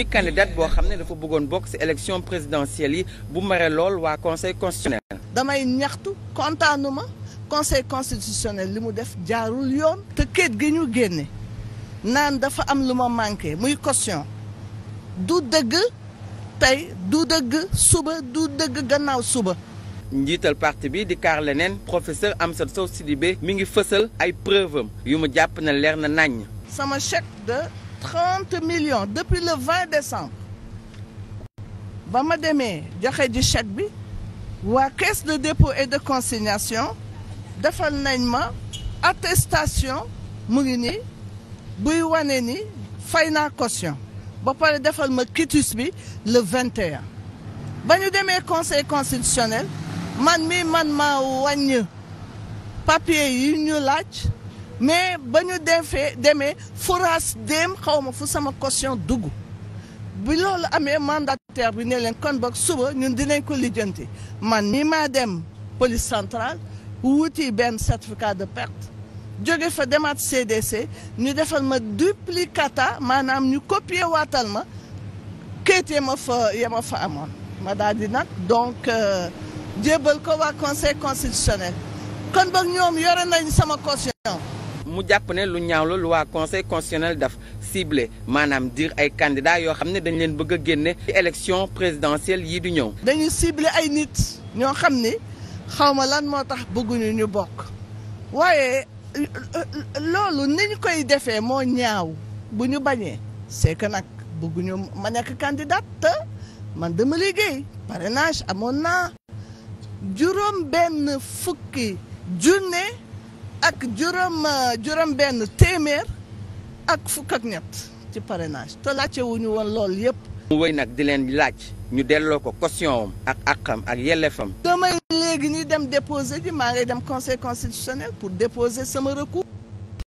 muy candidate boo xam ne dafa bëggoon bokk ci élection présidentielle yi bu mare lool waa conseil constitutionnel. damay ñaxtu kontaanuma conseil constitutionnel li mu def jaarul yoon. te kayit gi ñu génne naan dafa am lu ma manqué muy caution du dëgg tey du dëgg suba du dëgg gannaaw suba. njiital parti bi di kaar leneen professeur Amsatou Sow Sidibé mi ngi fësal ay preuve yu mu jàpp na leer na naññ. 30 millions depuis le 20 décembre ba ma demee joxe ji chèque bi waa caisse de dépôt et de consignation defal nañ ma attestation mu ngi nii buy wane ni fay naa caution ba pare defal ma quitus bi le 21 ba ñu demee conseil constitutionnel man mi man maa wàññ papier yi ñu laaj mais ba ñu defee demee forage dem xaw ma fu sama caution dugg bi loolu amee mandataire bi ne leen kon boog suba ñun dinañ ko lijjanti man ni maa dem police centrale wuti benn certificat de perte jóge fa demaat CDC ñu defal ma duplicata maanaam ñu copier waatal ma kayit ya ma fa ya ma fa amoon ma daal di nag donc euh, jébbal ko waa conseil constitutionnel kon boog ñoom yore nañ sama caution mu jàpp ne lu ñaaw la lu waa conseil constitutionnel daf ciblé maanaam diir ay candidats yoo xam ne dañu leen bëgg a génne ci élection présidentielle yii di ñëw. dañuy ciblé ay nit ñoo xam ni xaw ma lan moo tax bëgguñu ñu bokk waaye loolu ni koy defee moo ñaaw bu ñu bañee c'est que nag bëgguñu ma nekk candidat te man dama liggéey parrainage amoon naa juróom benn fukki junne. ak juróom euh, juróom benn téeméer ak fukk ak ñett ci parrainage te laajte wu ñu woon loolu yëpp. mu wéy nag di leen laaj ñu delloo ko caution am ak akam ak yelleefam damay léegi ñuy dem déposer ji maa ngay dem conseil constitutionnel pour déposer sama recours.